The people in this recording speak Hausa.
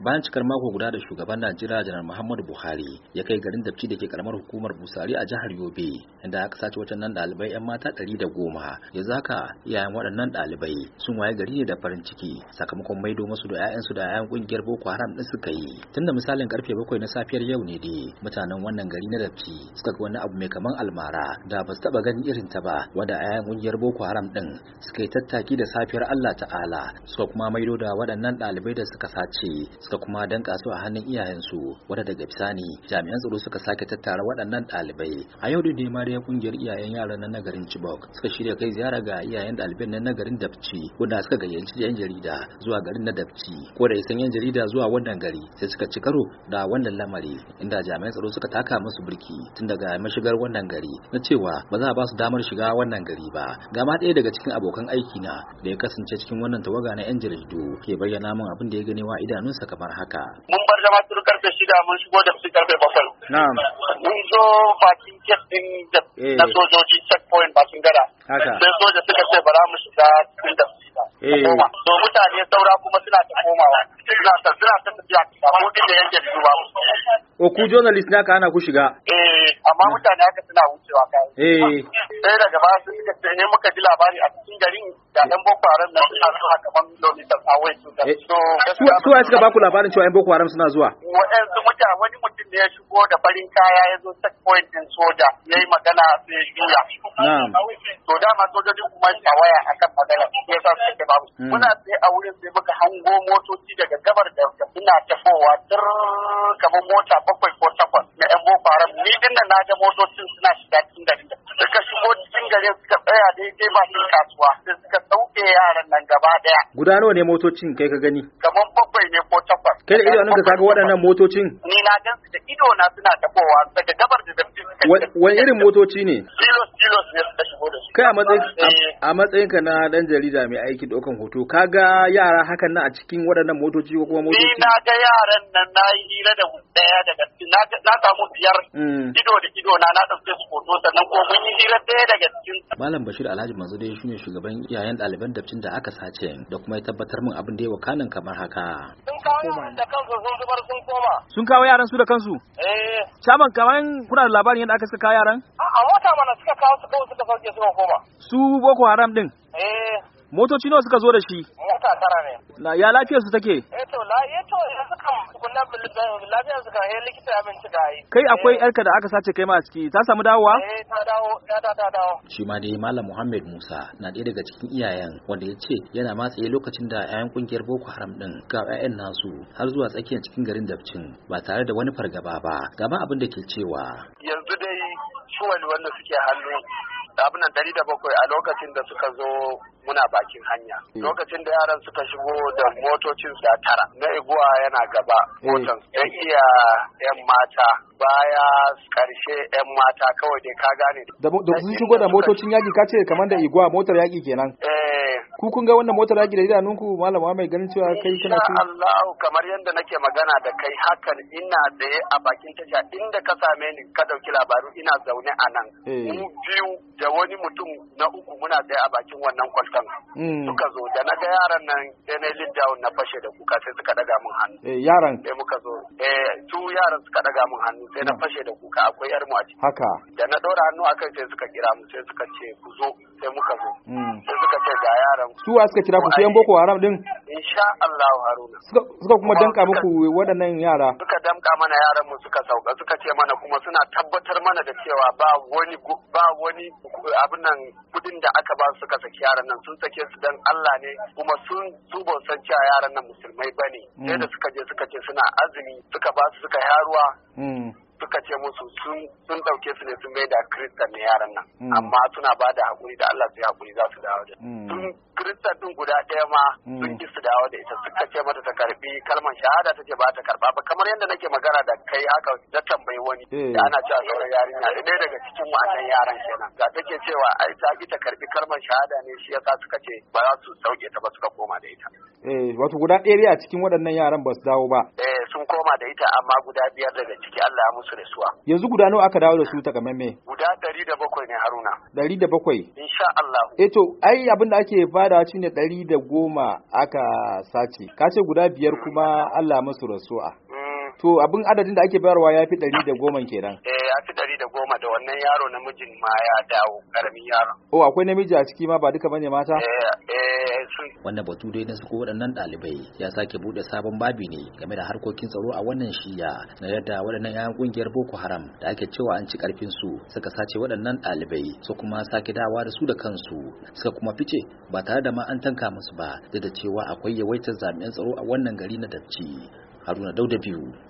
bayan cikar mako guda da shugaban najeriya janar muhammadu buhari ya kai garin dabci da ke karamar hukumar busari a jihar yobe inda aka sace nan dalibai, 'yan mata ɗari da goma yanzu haka iyayen waɗannan ɗalibai sun waye gari ne da farin ciki sakamakon maido masu da 'ya'yansu da 'ya'yan ƙungiyar boko haram ɗin suka yi Tunda misalin karfe bakwai na safiyar yau ne dai mutanen wannan gari na dabci suka ga wani abu mai kaman almara da ba su taɓa ganin irin ta ba wanda 'ya'yan ƙungiyar boko haram ɗin suka yi tattaki da safiyar allah ta'ala suka kuma maido da waɗannan ɗalibai da suka sace suka kuma danka su a hannun iyayensu wadda daga bisani jami'an tsaro suka sake tattara waɗannan ɗalibai a yau da nema da kungiyar iyayen yaran na garin Chibok suka shirya kai ziyara ga iyayen ɗaliban na garin Dabci wanda suka gayyanci yan jarida zuwa garin na Dabci ko da isan yan jarida zuwa wannan gari sai suka ci karo da wannan lamari inda jami'an tsaro suka taka musu birki tun daga mashigar wannan gari na cewa ba za a ba su damar shiga wannan gari ba ga ma ɗaya daga cikin abokan aiki na da ya kasance cikin wannan tawaga na yan jaridu ke bayyana min abin da ya gani wa idanunsa kamar haka. Mun bar zama tun karfe shida mun shigo da su karfe bakwai. Na'am. Mun zo bakin gate din na eh. sojoji checkpoint bakin gara. Haka. Sai soja suka ce ba za mu shiga tun da to eh. mutane saura kuma suna ta komawa suna ta suna ta tafiya a kudin da yake da ba o oh, ku journalist na ka ana ku shiga eh amma hmm. mutane haka suna wucewa kai eh sai daga baya sun suka ce eh, muka ji labari a cikin garin da ɗan boko haram na suna zuwa kaman lokacin awai su ga su suka ba ku labarin cewa ɗan boko haram suna zuwa waɗansu mutane shigo da farin kaya ya zo point din soja ya yi magana sai ya juya. To dama sojojin kuma a waya a kan magana ya sa su ke babu. Hmm. Muna tsaye a wurin sai muka hango motoci daga gabar da suna tafowa tur kamar mota bakwai ko takwas na ƴan boko haram. Ni dinnan na ga motocin suna shiga cikin garin da suka shigo cikin garin suka tsaya daidai bakin kasuwa sai suka sauke yaran nan gaba daya. Guda nawa ne motocin kai ka gani? Kamar takwas. Kai da nan ka kaga waɗannan motocin? Ni na gan su da ido na suna tabowa daga gabar da zamfi. Wani irin motoci ne? kai eh. a matsayinka na dan jarida mai aiki ɗaukan hoto ka ga yara hakan na a cikin waɗannan motoci ko kuma motoci ni na ga yaran nan na yi hira da daya daga cikin na samu biyar mm. ido da ido na na dauke su hoto sannan ko mun yi hira daya daga cikin malam bashir alhaji manzo dai shine shugaban iyayen ɗaliban dabcin da aka sace da kuma ya tabbatar min abin da ya wakanan kamar haka sun kawo yaran da kansu sun zubar sun koma sun kawo yaran su da kansu eh shaman kaman kuna da labarin yadda aka saka yaran a'a mana suka kawo su kawai suka sauke suka koma su boko haram din eh motoci nawa suka zo da shi mota tara ne na ya lafiyar su take eh to la ya eh to ya eh, suka kunna lafiyar su ka eh likita ya bincika yi kai akwai yarka eh. da aka sace kai ma a ciki ta samu dawowa eh ta dawo ya ta ta dawo shi ma dai malam muhammad musa na ɗaya daga cikin iyayen wanda ya ce yana matsaye lokacin da 'ya'yan kungiyar boko haram din ga 'ya'yan nasu har zuwa tsakiyar cikin garin dabcin ba tare da wani fargaba ba gama abin da ke cewa yanzu dai Kowane wanda suke hannu da abin da bakwai a lokacin da suka zo muna bakin hanya hmm. lokacin da yaran suka shigo da motocin da tara na iguwa yana gaba hmm. motan ya iya yan mata baya karshe yan mata kawai dai ka gane da sun shigo da motocin yaki ka ce kamar da iguwa motar yaki kenan eh. ku kun ga wannan motar yaki da idanunku malama mai ganin cewa kai kana ci Allah kamar yadda nake magana da kai hakan ina tsaye a bakin tasha inda ka same ni ka dauki labaru ina zaune a nan eh. mu biyu da wani mutum na uku muna tsaye a bakin wannan kwalta kan mm. suka zo da na ga yaran nan sai na lead down na fashe da kuka sai suka daga mun hannu eh yaran sai muka zo eh su yaran suka daga mun hannu sai na mm. fashe da kuka akwai yar mu a ciki haka da na dora hannu akan sai suka kira mu sai suka ce ku zo sai muka zo mm. sai suka ce ga yaran su suka kira ku sai yan boko haram din insha Allah Haruna suka kuma danka muku waɗannan yara suka danka mana yaran mu suka sauka suka ce mana kuma suna tabbatar mana da cewa ba wani ba wani abin nan kudin da aka ba suka saki yaran nan sun sake su dan Allah ne kuma sun su san cewa yaran nan musulmai bane hmm. sai da suka je suka ce suna azumi suka ba su suka yaruwa hmm. suka ce musu sun ɗauke su ne sun mai da kirista ne yaran nan mm. amma suna ba da hakuri da Allah sai hakuri za su dawo da mm. sun kristan din guda ɗaya ma mm. sun ki su dawo da ita suka ce mata ta karbi kalmar shahada ta ce ba ta karba ba kamar yadda nake magana da kai aka da tambayi wani eh. da ana cewa sauran yarinya da ɗaya daga cikin wannan yaran kenan ga take cewa ai ta ki ta karbi kalmar shahada ne shi yasa suka ce ba za su sauke ta ba suka koma da ita eh wato guda ɗaya a cikin waɗannan yaran ba su dawo ba eh koma da ita amma guda biyar daga ciki Allah ya musu rasuwa yanzu guda nawa aka dawo da su ta takamamme guda ɗari da bakwai ne haruna ɗari da bakwai insha Allah eh to ai abin da ake bada shine ɗari da goma aka sace ka ce guda biyar kuma Allah ya musu rasuwa To abin adadin da ake bayarwa ya fi ɗari da goma kenan. Eh ya fi ɗari da goma da wannan yaro namijin ma ya dawo ƙaramin yaro. Oh akwai namiji a ciki ma ba duka bane mata? Eh, eh wannan batu dai na suko waɗannan ɗalibai ya sake buɗe sabon babi ne game da harkokin tsaro a wannan shiya na yadda waɗannan 'ya'yan ƙungiyar boko haram da ake cewa an ci ƙarfinsu, su suka sace waɗannan ɗalibai su kuma sake dawa da su da kansu suka kuma fice ba tare da ma an tanka musu ba da cewa akwai yawaitar jami'an tsaro a wannan gari na dabci haruna dauda biyu